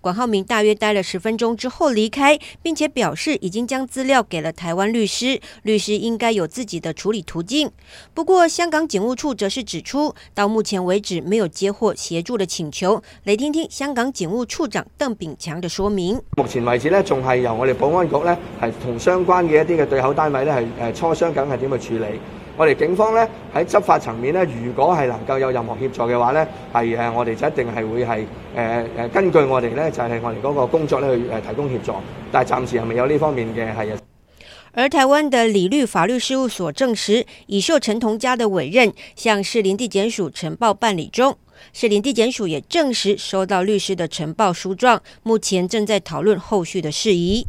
管浩鳴大約待了十分鐘之後離開，並且表示已經將資料給了台灣律師，律師應該有自己的處理途徑。不過，香港警務處則是指出，到目前為止沒有接獲協助的請求。來聽聽香港警務處長鄧炳強的說明。目前為止呢，仲係由我哋保安局呢，係同相關嘅一啲嘅對口單位呢，係誒磋商緊係點去處理。我哋警方呢，喺執法層面呢，如果係能夠有任何協助嘅話呢係誒我哋就一定係會係誒誒根據我哋呢，就係、是、我哋嗰個工作呢去誒提供協助。但係暫時係未有呢方面嘅係。而台灣的理律法律事務所證實，已受陳同佳嘅委任，向士林地檢署呈報辦理中。士林地檢署也證實收到律師嘅呈報書狀，目前正在討論後續嘅事宜。